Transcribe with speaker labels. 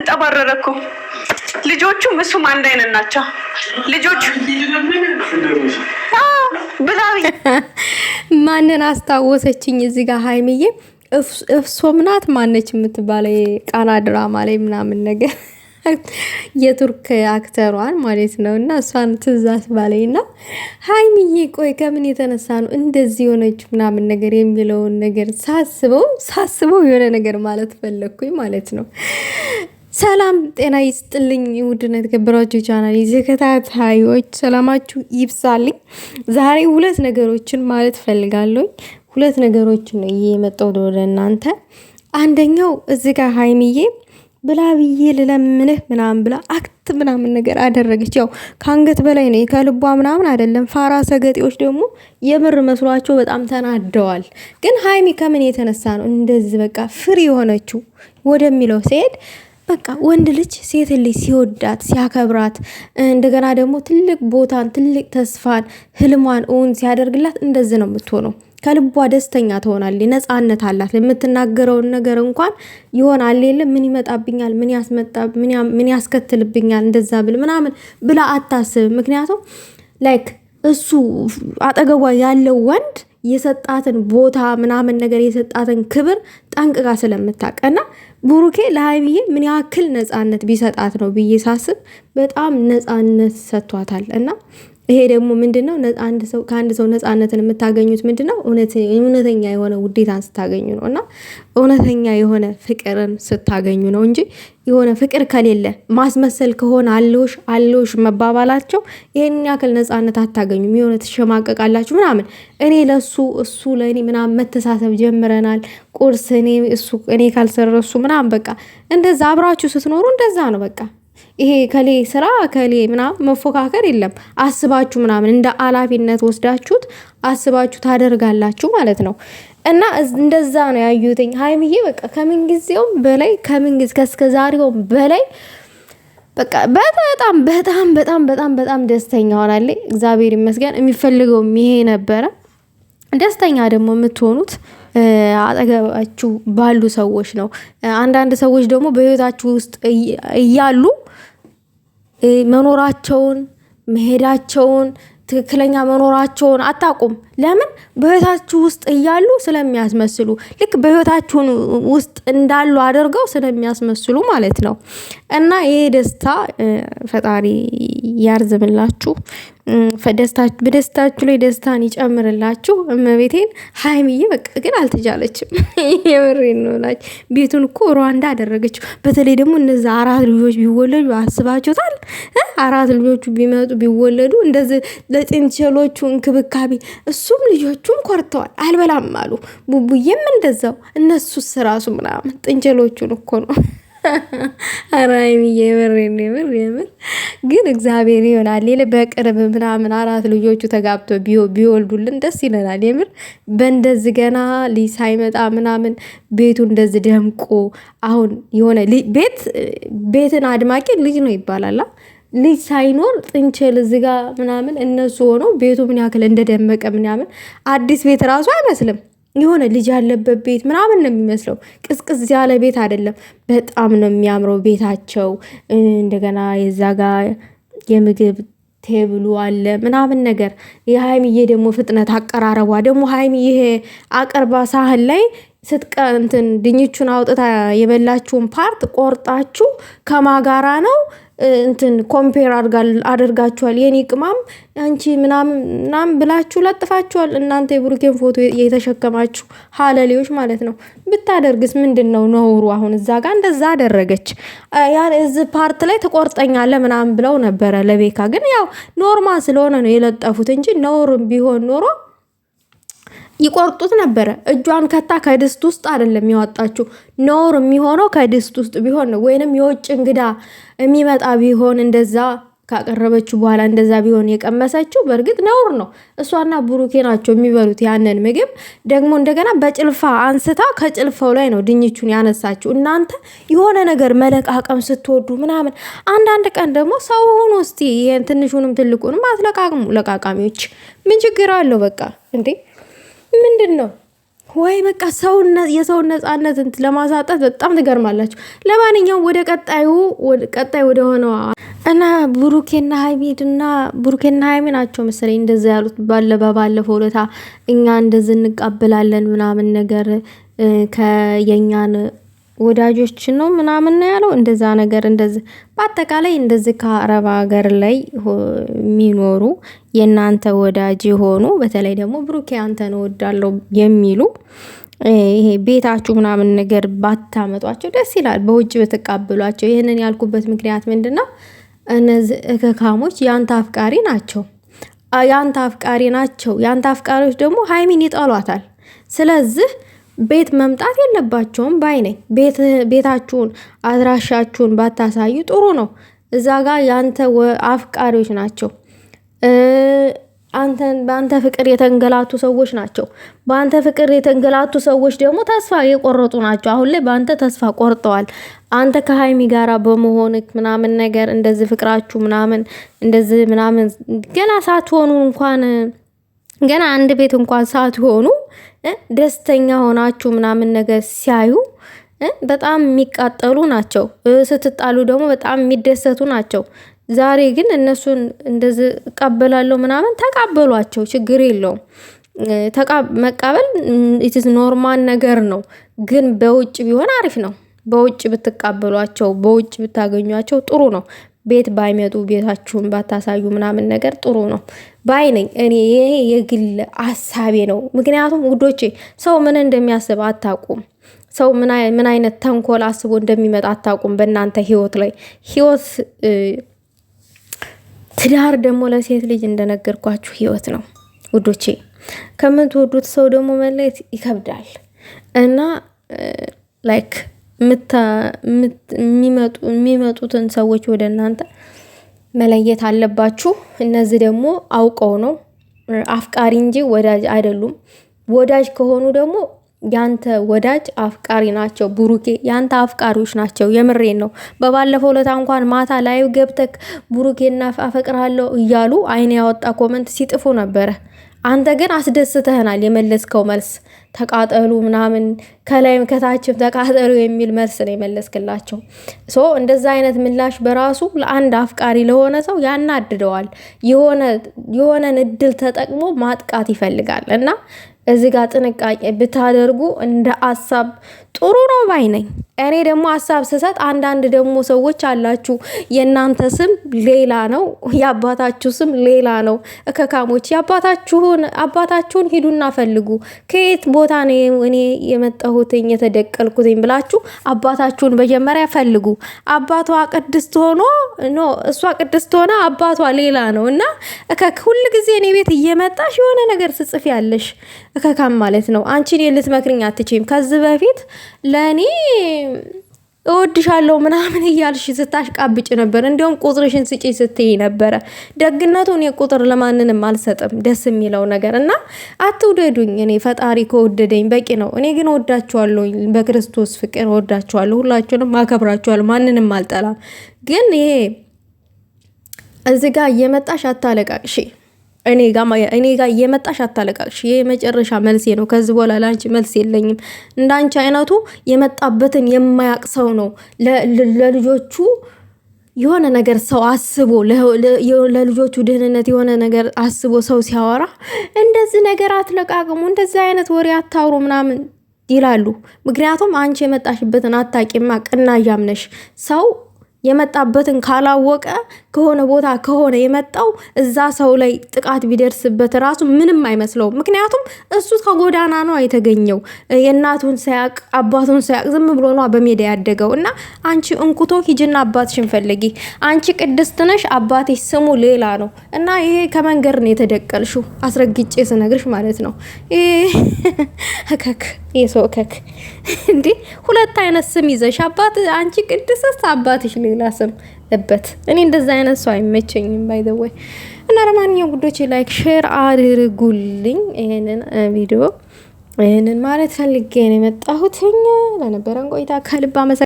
Speaker 1: ተንጠባረረ እኮ ልጆቹም እሱም አንድ አይነት ናቸው። ልጆቹ ብላ ማንን አስታወሰችኝ እዚህ ጋር ሀይምዬ እፍሶ ምናት ማነች የምትባለው የቃና ድራማ ላይ ምናምን ነገር የቱርክ አክተሯን ማለት ነው። እና እሷን ትዛት ባላይ እና ሀይሚዬ ቆይ ከምን የተነሳ ነው እንደዚህ የሆነች ምናምን ነገር የሚለውን ነገር ሳስበው ሳስበው የሆነ ነገር ማለት ፈለግኩኝ ማለት ነው። ሰላም ጤና ይስጥልኝ። ውድነ የተከበራችሁ ቻናል ተከታታዮች ሰላማችሁ ይብሳልኝ። ዛሬ ሁለት ነገሮችን ማለት ፈልጋለኝ። ሁለት ነገሮችን ነው የመጣው ወደ እናንተ። አንደኛው እዚህ ጋር ሀይሚዬ ብላ ብዬ ልለምንህ ምናምን ብላ አክት ምናምን ነገር አደረገች። ያው ከአንገት በላይ ነው ከልቧ ምናምን አይደለም። ፋራ ሰገጤዎች ደግሞ የምር መስሏቸው በጣም ተናደዋል። ግን ሀይሚ ከምን የተነሳ ነው እንደዚህ በቃ ፍሪ የሆነችው ወደሚለው ሲሄድ በቃ ወንድ ልጅ ሴት ልጅ ሲወዳት ሲያከብራት እንደገና ደግሞ ትልቅ ቦታን ትልቅ ተስፋን ህልሟን እውን ሲያደርግላት እንደዚህ ነው የምትሆነው። ከልቧ ደስተኛ ትሆናለች። ነፃነት አላት። የምትናገረውን ነገር እንኳን ይሆናል የለ ምን ይመጣብኛል፣ ምን ያስመጣ፣ ምን ያስከትልብኛል፣ እንደዛ ብል ምናምን ብላ አታስብ ምክንያቱም ላይክ እሱ አጠገቧ ያለው ወንድ የሰጣትን ቦታ ምናምን ነገር የሰጣትን ክብር ጠንቅቃ ስለምታቀና ቡሩኬ ለሀይሚዬ ምን ያክል ነፃነት ቢሰጣት ነው ብዬ ሳስብ በጣም ነፃነት ሰጥቷታል እና ይሄ ደግሞ ምንድን ነው? ከአንድ ሰው ነፃነትን የምታገኙት ምንድን ነው? እውነተኛ የሆነ ውዴታን ስታገኙ ነው እና እውነተኛ የሆነ ፍቅርን ስታገኙ ነው እንጂ የሆነ ፍቅር ከሌለ ማስመሰል ከሆነ አለሽ አለሽ መባባላቸው ይህን ያክል ነፃነት አታገኙም። የሆነ ትሸማቀቃላችሁ ምናምን እኔ ለሱ እሱ ለእኔ ምናምን መተሳሰብ ጀምረናል። ቁርስ እኔ እሱ እኔ ካልሰረሱ ምናምን በቃ እንደዛ አብራችሁ ስትኖሩ እንደዛ ነው በቃ ይሄ ከሌ ስራ ከሌ ምናምን መፎካከር የለም። አስባችሁ ምናምን እንደ አላፊነት ወስዳችሁት አስባችሁ ታደርጋላችሁ ማለት ነው። እና እንደዛ ነው ያዩትኝ ሀይምዬ በቃ ከምንጊዜውም በላይ ከምንጊዜ ከእስከ ዛሬውም በላይ በቃ በጣም በጣም በጣም በጣም በጣም ደስተኛ ሆናለች። እግዚአብሔር ይመስገን። የሚፈልገውም ይሄ ነበረ። ደስተኛ ደግሞ የምትሆኑት አጠገባችሁ ባሉ ሰዎች ነው። አንዳንድ ሰዎች ደግሞ በህይወታችሁ ውስጥ እያሉ መኖራቸውን መሄዳቸውን ትክክለኛ መኖራቸውን አታውቁም። ለምን በህይወታችሁ ውስጥ እያሉ ስለሚያስመስሉ፣ ልክ በህይወታችሁን ውስጥ እንዳሉ አድርገው ስለሚያስመስሉ ማለት ነው። እና ይሄ ደስታ ፈጣሪ ያርዝምላችሁ፣ በደስታችሁ ላይ ደስታን ይጨምርላችሁ። እመቤቴን ሀይምዬ በቃ ግን አልተቻለችም። የምሬ ነው ቤቱን እኮ ሩዋንዳ አደረገችው። በተለይ ደግሞ እነዚ አራት ልጆች ቢወለዱ አስባችሁታል? አራት ልጆቹ ቢመጡ ቢወለዱ እንደዚህ ለጥንቸሎቹ እንክብካቤ እሱም ልጆቹም ኮርተዋል፣ አልበላም አሉ። ቡቡዬም እንደዛው እነሱ ስራሱ ምናምን ጥንቸሎቹን እኮ ነው አራይም የምር የምር የምር ግን እግዚአብሔር ይሆናል ሌለ በቅርብ ምናምን አራት ልጆቹ ተጋብቶ ቢወልዱልን ደስ ይለናል። የምር በእንደዚህ ገና ሊሳይመጣ ምናምን ቤቱ እንደዚህ ደምቆ አሁን የሆነ ቤት ቤትን አድማቂ ልጅ ነው ይባላላ። ልጅ ሳይኖር ጥንቸል እዚህ ጋ ምናምን እነሱ ሆነው ቤቱ ምን ያክል እንደደመቀ ምናምን አዲስ ቤት ራሱ አይመስልም። የሆነ ልጅ ያለበት ቤት ምናምን ነው የሚመስለው። ቅዝቅዝ ያለ ቤት አይደለም። በጣም ነው የሚያምረው ቤታቸው። እንደገና የዛ ጋ የምግብ ቴብሉ አለ ምናምን ነገር። የሀይሚዬ ደግሞ ፍጥነት አቀራረቧ ደግሞ ሀይሚ ይሄ አቅርባ ሳህን ላይ ስትቀ እንትን ድኝቹን አውጥታ የበላችሁን ፓርት ቆርጣችሁ ከማጋራ ነው እንትን ኮምፔር አድርጋችኋል። የኔ ቅማም አንቺ ምናምን ብላችሁ ለጥፋችኋል። እናንተ የብሩኬን ፎቶ የተሸከማችሁ ሀለሌዎች ማለት ነው። ብታደርግስ ምንድን ነው ነውሩ? አሁን እዛ ጋር እንደዛ አደረገች። እዚ ፓርት ላይ ተቆርጠኛለ ምናምን ብለው ነበረ ለቤካ። ግን ያው ኖርማ ስለሆነ ነው የለጠፉት እንጂ ነውር ቢሆን ኖሮ ይቆርጡት ነበረ። እጇን ከታ ከድስት ውስጥ አይደለም ያወጣችው። ነውር የሚሆነው ከድስት ውስጥ ቢሆን ነው፣ ወይንም የውጭ እንግዳ የሚመጣ ቢሆን እንደዛ ካቀረበችው በኋላ እንደዛ ቢሆን የቀመሰችው በእርግጥ ነውር ነው። እሷና ብሩኬ ናቸው የሚበሉት ያንን ምግብ። ደግሞ እንደገና በጭልፋ አንስታ ከጭልፋው ላይ ነው ድኝቹን ያነሳችው። እናንተ የሆነ ነገር መለቃቀም ስትወዱ ምናምን፣ አንዳንድ ቀን ደግሞ ሰው ሁኑ እስቲ። ይሄን ትንሹንም ትልቁንም አትለቃቅሙ። ለቃቃሚዎች ምን ችግር አለው? በቃ እንዴ ምንድን ነው ወይ በቃ የሰውን ነፃነትን ለማሳጣት በጣም ትገርማላችሁ። ለማንኛውም ወደ ቀጣዩ ቀጣይ ወደ ሆነው እና ብሩኬና ሀይሚድና ብሩኬና ሀይሚ ናቸው መሰለኝ እንደዚ ያሉት ባለ በባለፈው ዕለታ እኛ እንደዚ እንቃበላለን ምናምን ነገር ከየኛን ወዳጆችን ነው ምናምን ነው ያለው እንደዛ ነገር እንደዚህ በአጠቃላይ እንደዚህ ከአረብ ሀገር ላይ የሚኖሩ የእናንተ ወዳጅ የሆኑ በተለይ ደግሞ ብሩኬ አንተን እወዳለሁ የሚሉ ይሄ ቤታችሁ ምናምን ነገር ባታመጧቸው ደስ ይላል። በውጭ በተቃብሏቸው ይህንን ያልኩበት ምክንያት ምንድን ነው? እነዚህ እከካሞች የአንተ አፍቃሪ ናቸው። የአንተ አፍቃሪ ናቸው። የአንተ አፍቃሪዎች ደግሞ ሀይሚን ይጠሏታል። ስለዚህ ቤት መምጣት የለባቸውም ባይ ነኝ። ቤታችሁን አድራሻችሁን ባታሳዩ ጥሩ ነው። እዛ ጋር የአንተ አፍቃሪዎች ናቸው። በአንተ ፍቅር የተንገላቱ ሰዎች ናቸው። በአንተ ፍቅር የተንገላቱ ሰዎች ደግሞ ተስፋ የቆረጡ ናቸው። አሁን ላይ በአንተ ተስፋ ቆርጠዋል። አንተ ከሀይሚ ጋራ በመሆንክ ምናምን ነገር እንደዚህ ፍቅራችሁ ምናምን እንደዚህ ምናምን ገና ሳትሆኑ እንኳን ገና አንድ ቤት እንኳን ሳትሆኑ ደስተኛ ሆናችሁ ምናምን ነገር ሲያዩ በጣም የሚቃጠሉ ናቸው። ስትጣሉ ደግሞ በጣም የሚደሰቱ ናቸው። ዛሬ ግን እነሱን እንደዚህ እቀበላለሁ ምናምን ተቃበሏቸው፣ ችግር የለውም። መቃበል ኢትዝ ኖርማል ነገር ነው። ግን በውጭ ቢሆን አሪፍ ነው። በውጭ ብትቃበሏቸው፣ በውጭ ብታገኟቸው ጥሩ ነው። ቤት ባይመጡ ቤታችሁን ባታሳዩ ምናምን ነገር ጥሩ ነው ባይ ነኝ። እኔ ይሄ የግል አሳቤ ነው። ምክንያቱም ውዶቼ ሰው ምን እንደሚያስብ አታውቁም። ሰው ምን አይነት ተንኮል አስቦ እንደሚመጣ አታውቁም በእናንተ ህይወት ላይ ህይወት ትዳር ደግሞ ለሴት ልጅ እንደነገርኳችሁ ህይወት ነው ውዶቼ። ከምትወዱት ሰው ደግሞ መለየት ይከብዳል እና ላይክ የሚመጡትን ሰዎች ወደ እናንተ መለየት አለባችሁ። እነዚህ ደግሞ አውቀው ነው አፍቃሪ እንጂ ወዳጅ አይደሉም። ወዳጅ ከሆኑ ደግሞ ያንተ ወዳጅ አፍቃሪ ናቸው። ቡሩኬ ያንተ አፍቃሪዎች ናቸው። የምሬን ነው። በባለፈው ለታ እንኳን ማታ ላይ ገብተክ ብሩኬና አፈቅራለሁ እያሉ አይን ያወጣ ኮመንት ሲጥፉ ነበረ። አንተ ግን አስደስተህናል። የመለስከው መልስ ተቃጠሉ ምናምን ከላይም ከታችም ተቃጠሉ የሚል መልስ ነው የመለስክላቸው። ሶ እንደዛ አይነት ምላሽ በራሱ ለአንድ አፍቃሪ ለሆነ ሰው ያናድደዋል። የሆነን እድል ተጠቅሞ ማጥቃት ይፈልጋል እና እዚህ ጋር ጥንቃቄ ብታደርጉ እንደ አሳብ ጥሩ ነው ባይ ነኝ። እኔ ደግሞ ሀሳብ ስሰጥ አንዳንድ ደግሞ ሰዎች አላችሁ፣ የእናንተ ስም ሌላ ነው፣ የአባታችሁ ስም ሌላ ነው። እከካሞች የአባታችሁን አባታችሁን ሂዱና ፈልጉ። ከየት ቦታ ነው እኔ የመጣሁትኝ የተደቀልኩትኝ ብላችሁ አባታችሁን መጀመሪያ ፈልጉ። አባቷ ቅድስት ሆኖ ኖ እሷ ቅድስት ሆነ አባቷ ሌላ ነው እና እከክ ሁል ጊዜ እኔ ቤት እየመጣሽ የሆነ ነገር ስጽፍ ያለሽ እከካም ማለት ነው። አንቺን ልትመክርኝ አትችም ከዚህ በፊት ለእኔ እወድሻለሁ ምናምን እያልሽ ስታሽቃብጭ ነበር። እንዲሁም ቁጥርሽን ስጪ ስትይ ነበረ። ደግነቱ እኔ ቁጥር ለማንንም አልሰጥም፣ ደስ የሚለው ነገር እና አትውደዱኝ። እኔ ፈጣሪ ከወደደኝ በቂ ነው። እኔ ግን ወዳችኋለሁ፣ በክርስቶስ ፍቅር ወዳችኋለሁ፣ ሁላችሁንም አከብራችኋለሁ፣ ማንንም አልጠላም። ግን ይሄ እዚህ ጋር እየመጣሽ አታለቃቅሺ። እኔ ጋ እኔ ጋ እየመጣሽ አታለቃቅሽ። የመጨረሻ መልሴ ነው። ከዚህ በኋላ ለአንቺ መልስ የለኝም። እንዳንቺ አይነቱ የመጣበትን የማያቅ ሰው ነው ለልጆቹ የሆነ ነገር ሰው አስቦ ለልጆቹ ደህንነት የሆነ ነገር አስቦ ሰው ሲያወራ እንደዚህ ነገር አትለቃቅሙ፣ እንደዚህ አይነት ወሬ አታውሩ ምናምን ይላሉ። ምክንያቱም አንቺ የመጣሽበትን አታቂማ፣ ቅናያም ነሽ። ሰው የመጣበትን ካላወቀ ከሆነ ቦታ ከሆነ የመጣው እዛ ሰው ላይ ጥቃት ቢደርስበት ራሱ ምንም አይመስለውም። ምክንያቱም እሱ ከጎዳና ነው የተገኘው። የእናቱን ሳያቅ አባቱን ሳያቅ ዝም ብሎ ነው በሜዳ ያደገው እና አንቺ እንኩቶ ሂጅና አባትሽን ፈልጊ። አንቺ ቅድስት ነሽ፣ አባትሽ ስሙ ሌላ ነው እና ይሄ ከመንገድ ነው የተደቀልሹ አስረግጬ ስነግርሽ ማለት ነው። እከክ የሰው እከክ እንዴ! ሁለት አይነት ስም ይዘሽ አባት አንቺ ቅድስት፣ አባትሽ ሌላ ስም አለበት። እኔ እንደዛ አይነት ሰው አይመቸኝም። ባይ ዘ ወይ እና ለማንኛውም ጉዶች ላይክ ሼር አድርጉልኝ ይሄንን ቪዲዮ ይህንን ማለት ፈልጌ ነው የመጣሁት። ለነበረን ቆይታ ከልብ አመሰግናለሁ።